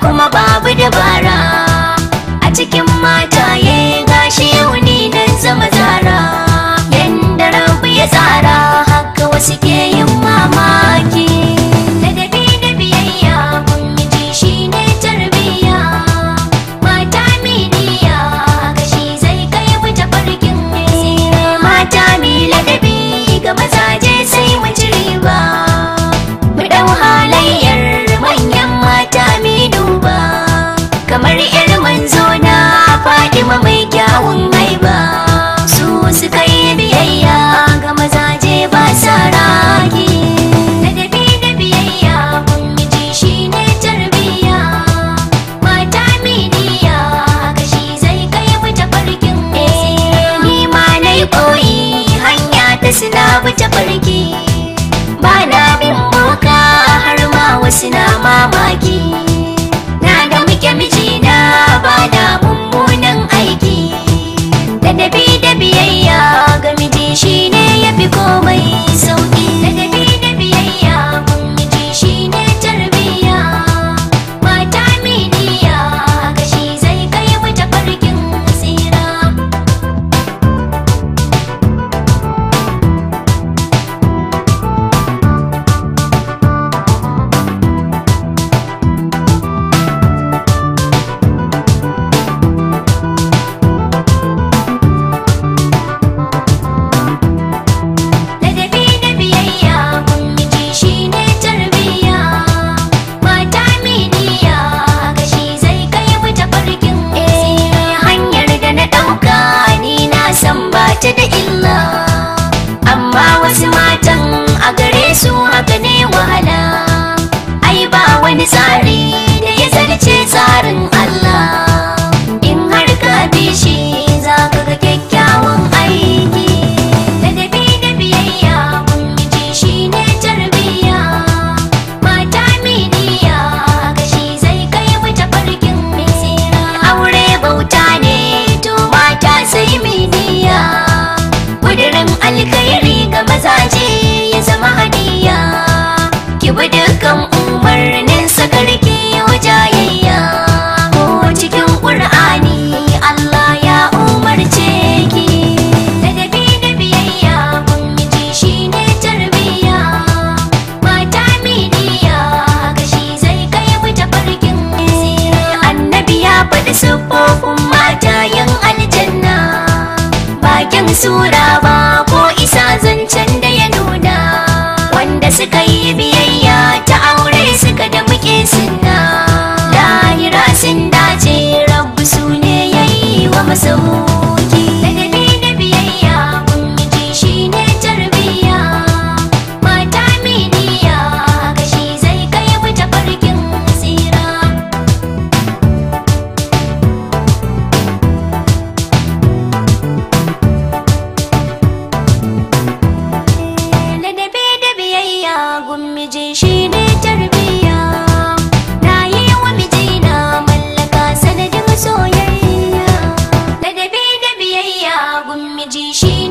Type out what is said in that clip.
kuma babu dabara a cikin mata mataye gashi yau ne dan zama zara yanda rabu ya tsara babu tafarki ba na bin har ma wasu na mamaki na ga muke mijina ba da mummunan aiki da dabi da biyayya ga miji shine ya fi komai ta da alkhairi ga mazaje ya zama hadiya ki bi dukkan umarnin sa karki wajayayya ko cikin qur'ani Allah ya umarce ki ladabi da biyayya kun miji shine tarbiyya mata midiya kashi zai kai mu tafarkin annabi ya faɗi siffofin mata yan aljanna bakin sura ba zancen da ya nuna wanda suka yi biyayya ta aure suka da muke sun miji shi ne tarbiyya na yi wa miji na mallaka sanadin soyayya ladabi da biyayya gun miji shi